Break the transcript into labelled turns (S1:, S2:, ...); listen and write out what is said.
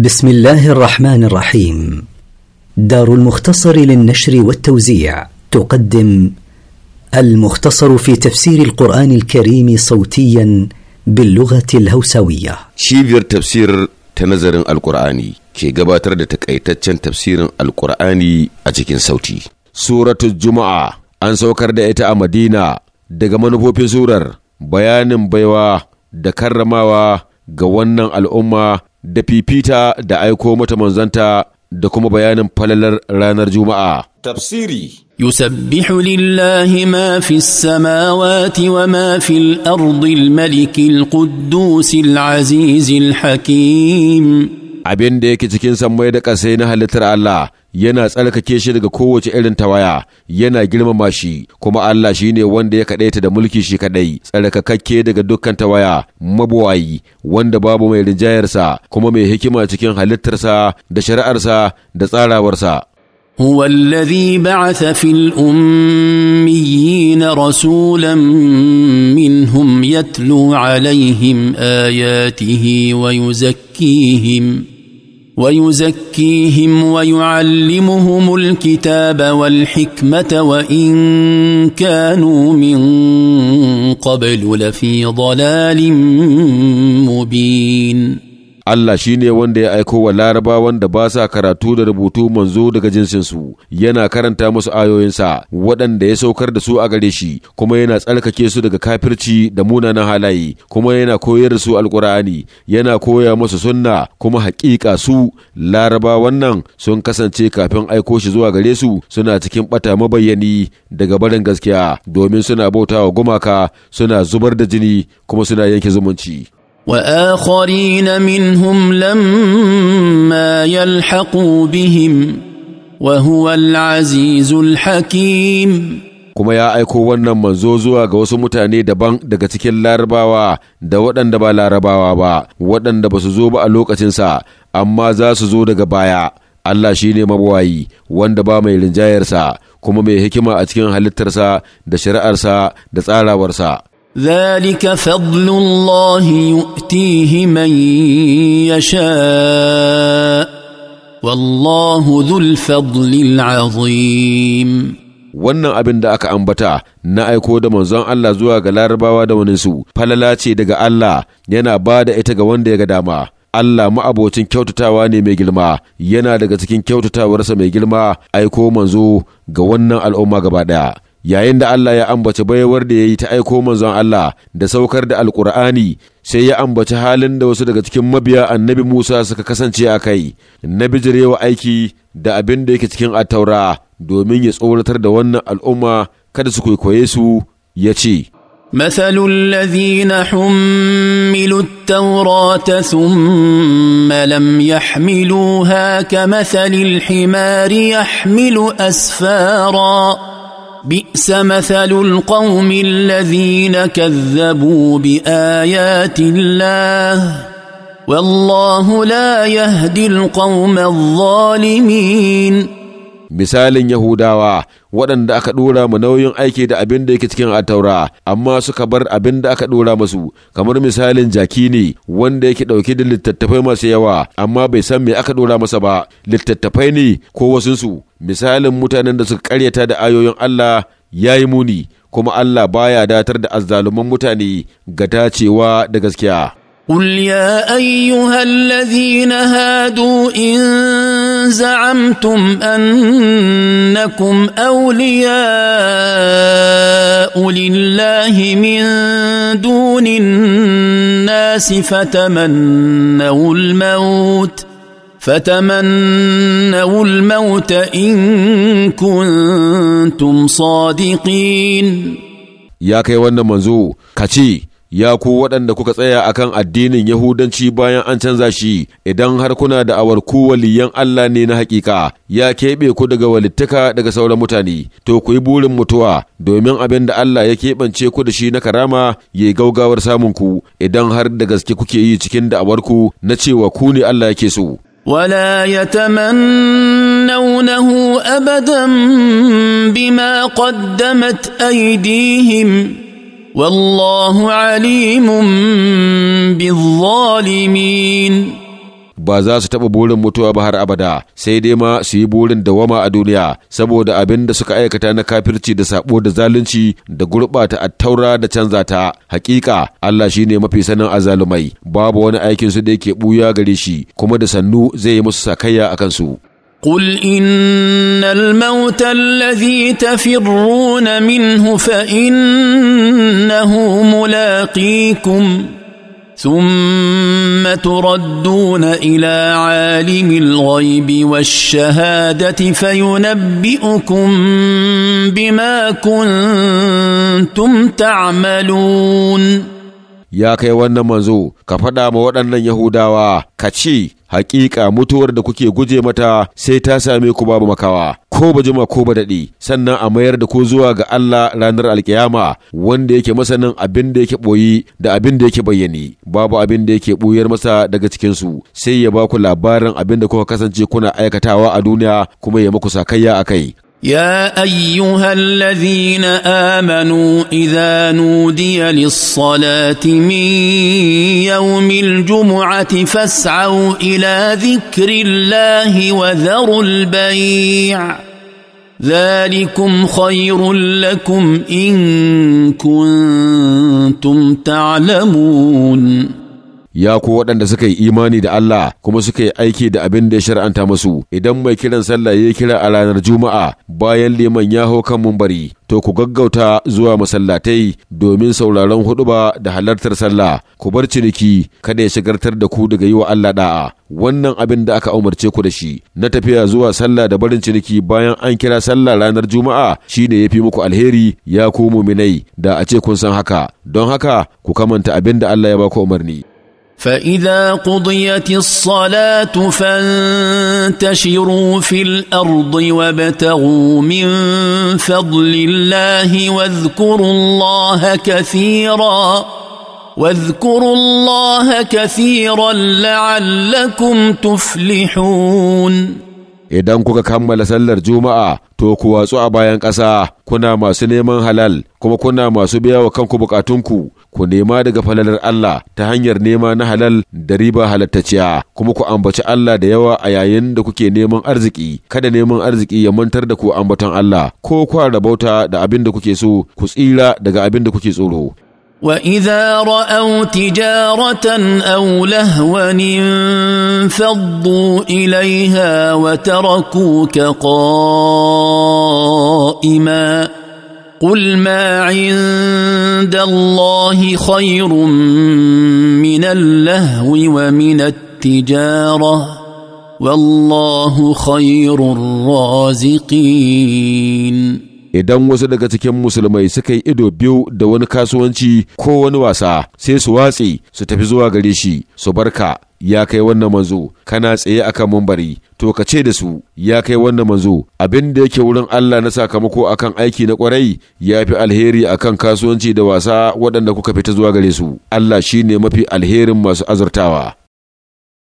S1: بسم الله الرحمن الرحيم دار المختصر للنشر والتوزيع تقدم المختصر في تفسير القرآن الكريم صوتيا باللغة الهوسوية
S2: شيفير تفسير تنظر القرآن كي قباتر تكأيتتشن تفسير القرآن أجيكين صوتي سورة الجمعة أن سوكر دائتا مدينة دقمان بوبي سورر بيان بيوا دكرماوا ga wannan al'umma da fifita da aiko mata manzanta da kuma bayanin falalar ranar Juma'a. Tafsiri
S1: lillahi ma ما samawati wa ma في الأرض الملك القدوس العزيز الحكيم
S2: abin da yake cikin sammai da ƙasai na halittar Allah yana tsarkake shi daga kowace irin tawaya yana girmama shi kuma Allah shi ne wanda ya kaɗaita da mulki shi kaɗai tsarkakakke daga dukkan tawaya mabuwayi wanda babu mai rinjayarsa kuma mai hikima cikin halittarsa da shari'arsa da tsarawarsa
S1: هو الذي بعث في الأميين رسولا منهم يتلو عليهم آياته ويزكيهم ويزكيهم ويعلمهم الكتاب والحكمه وان كانوا من قبل لفي ضلال مبين Allah shi ne wanda
S2: ya aiko wa larabawan da ba sa karatu da rubutu manzo daga jinsinsu, yana karanta musu ayoyinsa waɗanda ya saukar da su a gare shi, kuma yana tsarkake su daga kafirci da munanan halaye, kuma yana koyar da su alkur'ani, yana koya musu sunna, kuma haƙiƙa su larabawan nan sun kasance kafin aiko shi zuwa gare su suna cikin ɓata mabayyani daga barin gaskiya domin suna bautawa gumaka suna zubar da jini kuma suna yanke zumunci.
S1: واخرين منهم لما يلحقوا بهم وهو العزيز الحكيم kuma
S2: ya aiko wannan manzo
S1: zuwa ga wasu mutane daban daga
S2: cikin larabawa da waɗanda ba larabawa ba waɗanda ba su zo ba a lokacinsa amma za su zo daga baya Allah shi ne mabawayi wanda ba mai rinjayarsa kuma mai hikima a cikin halittarsa da shari'arsa da tsarawarsa
S1: ذلك فضل الله يؤتيه من يشاء والله ذو الفضل العظيم
S2: wannan abin da aka ambata na aiko da manzon Allah zuwa ga larabawa da waninsu falala ce daga Allah yana ba da ita ga wanda ya ga dama Allah ma'abocin kyautatawa ne mai girma yana daga cikin kyautatawarsa mai girma aiko manzo ga wannan al'umma gaba ɗaya yayin da Allah ya ambaci bayawar da ya yi ta aiko manzon Allah da saukar da Alƙur'ani sai ya ambaci halin da wasu daga cikin mabiya annabi Musa suka kasance a kai na bijirewa aiki da abin da yake cikin attaura domin ya tsoratar da wannan al'umma kada su kwaikwaye su ya ce.
S1: مثل الذين حملوا التوراة ثم لم يحملوها كمثل الحمار يحمل أسفاراً بئس مثل القوم الذين كذبوا بايات الله والله لا يهدي القوم الظالمين misalin Yahudawa
S2: waɗanda aka ɗora mu nauyin aiki da abin da yake cikin attaura amma suka bar abin da aka ɗora masu kamar misalin jaki ne wanda yake ɗauke da littattafai masu yawa amma bai san me aka ɗora masa ba littattafai ne ko wasunsu misalin mutanen da suka karyata da ayoyin Allah ya yi muni kuma Allah baya datar da azzaluman mutane ga dacewa da gaskiya.
S1: قل يا أيها الذين هادوا إن زعمتم أنكم أولياء لله من دون الناس فتمنوا الموت فتمنوا الموت إن كنتم صادقين
S2: يا كي wannan manzo kace ya ku waɗanda kuka tsaya akan addinin Yahudanci bayan an canza shi idan har kuna da awar ku waliyan Allah ne na hakika ya keɓe ku daga walittaka daga sauran mutane to ku yi burin mutuwa domin abin da Allah ya keɓance ku da shi na karama ya yi gaugawar samun ku idan har da gaske kuke yi cikin da'awar ku na cewa ku ne Allah yake so
S1: ولا يتمنونه ابدا بما قدمت ايديهم والله عليم بالظالمين
S2: ba za su taɓa burin mutuwa ba har abada sai dai ma su yi burin dawama a duniya saboda abin da suka aikata na kafirci da sabo da zalunci da gurɓata attaura da canza ta hakika Allah shine mafi sanin azalumai babu wani aikin su da yake buya gare shi kuma da sannu zai yi musu sakayya akan su
S1: قل إن الموت الذي تفرون منه فإنه ملاقيكم ثم تردون الى عالم الغيب والشهاده فينبئكم بما كنتم تعملون
S2: يا كي wannan manzo ka faɗa ma waɗannan Yahudawa ka ce hakika mutuwar da kuke guje mata sai ta same ku babu makawa ko ba jima ko ba daɗi sannan a mayar da ku zuwa ga Allah ranar alkiyama wanda yake masanin abin da yake ɓoyi da abin da yake bayyani babu abin da yake ɓuyar masa daga cikin su sai ya ba ku labarin abin da kuka kasance kuna aikatawa a duniya kuma ya maku sakayya a kai
S1: يا ايها الذين امنوا اذا نودي للصلاه من يوم الجمعه فاسعوا الى ذكر الله وذروا البيع ذلكم خير لكم ان كنتم تعلمون
S2: ya ku waɗanda suka yi imani da Allah kuma suka yi aiki da abin da ya shar'anta musu idan mai kiran sallah ya kira a ranar juma'a bayan liman ya hau kan mumbari to ku gaggauta zuwa masallatai domin sauraron huduba da halartar sallah ku bar ciniki kada ya shigartar da ku daga yi wa Allah da'a wannan abin da aka umarce ku da shi na tafiya zuwa sallah da barin ciniki bayan an kira sallah ranar juma'a shine yafi muku alheri ya ku muminai da a ce kun san haka don haka ku kamanta abin da Allah ya baku umarni
S1: فاذا قضيت الصلاه فانتشروا في الارض وابتغوا من فضل الله واذكروا الله كثيرا واذكروا الله كثيرا لعلكم تفلحون
S2: idan kuka kammala sallar juma'a to ku watsu a bayan ƙasa kuna masu neman halal kuma kuna masu biya wa kanku bukatunku ku nema daga falalar Allah ta hanyar nema na halal da riba halattaciya kuma ku ambaci Allah da yawa a yayin da kuke neman arziki kada neman arziki ya mantar da ku ambaton Allah ko ku rabauta da abin da kuke so ku tsira daga abin da kuke tsoro
S1: Wa واذا راوا تجاره او لهوا انفضوا taraku وتركوك ko'ima. قل ما عند الله خير من اللهو ومن التجاره والله خير الرازقين
S2: idan wasu daga cikin musulmai suka yi ido biyu da wani kasuwanci ko wani wasa sai su watse su tafi zuwa gare shi su barka ya kai wannan manzo kana tsaye akan mambari to ka ce da su ya kai wannan manzo abin da yake wurin Allah na sakamako akan aiki na kwarai ya fi alheri akan kasuwanci da wasa waɗanda kuka fita zuwa gare su Allah shine mafi alherin masu azurtawa